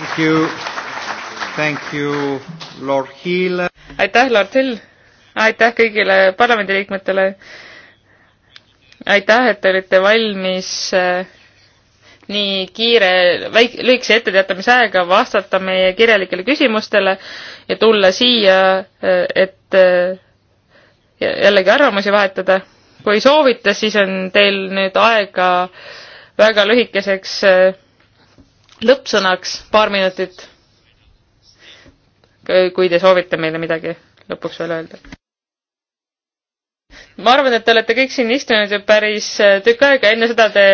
Thank you. Thank you, Lord Hill. aitäh, Lord Hill. aitäh kõigile parlamendiliikmetele. aitäh, et te olite valmis eh, nii kiire, väik-, lühikese etteteatamise ajaga vastata meie kirjalikele küsimustele ja tulla siia, eh, et eh, jällegi arvamusi vahetada. kui soovite, siis on teil nüüd aega väga lühikeseks lõppsõnaks paar minutit, kui te soovite meile midagi lõpuks veel öelda. ma arvan, et te olete kõik siin istunud ju päris äh, tükk aega, enne seda te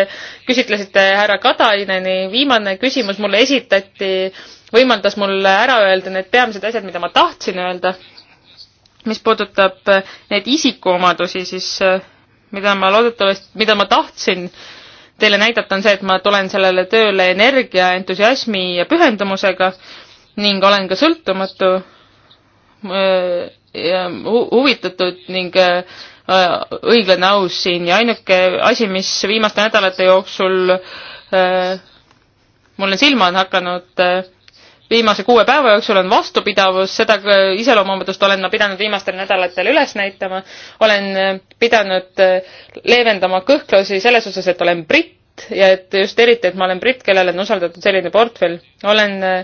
küsitlesite härra Kataineni, viimane küsimus mulle esitati, võimaldas mul ära öelda need peamised asjad, mida ma tahtsin öelda. mis puudutab neid isikuomadusi, siis äh, mida ma loodetavasti, mida ma tahtsin äh, teile näidata, on see, et ma tulen sellele tööle energia, entusiasmi ja pühendumusega ning olen ka sõltumatu äh, ja hu huvitatud ning äh, õiglane aus siin ja ainuke asi, mis viimaste nädalate jooksul äh, mulle silma on hakanud, viimase kuue päeva jooksul on vastupidavus, seda iseloomuomadust olen ma pidanud viimastel nädalatel üles näitama. olen äh, pidanud äh, leevendama kõhklusi selles osas, et olen britt ja et just eriti, et ma olen britt, kellele on usaldatud selline portfell. olen äh,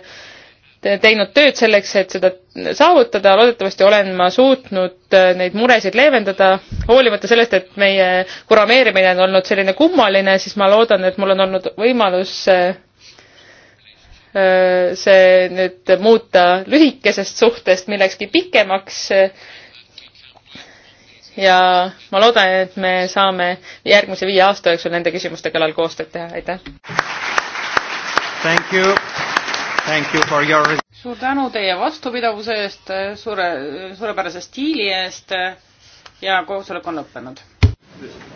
teinud tööd selleks, et seda saavutada, loodetavasti olen ma suutnud neid muresid leevendada, hoolimata sellest, et meie kurameerimine on olnud selline kummaline, siis ma loodan, et mul on olnud võimalus Äh, see nüüd muuta lühikesest suhtest millekski pikemaks. ja ma loodan, et me saame järgmise viie aasta jooksul nende küsimuste kallal koostööd teha, aitäh. Thank you. Thank you for your suur tänu teie vastupidavuse eest, suure, suurepärase stiili eest ja koosolek on lõppenud.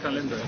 kalender.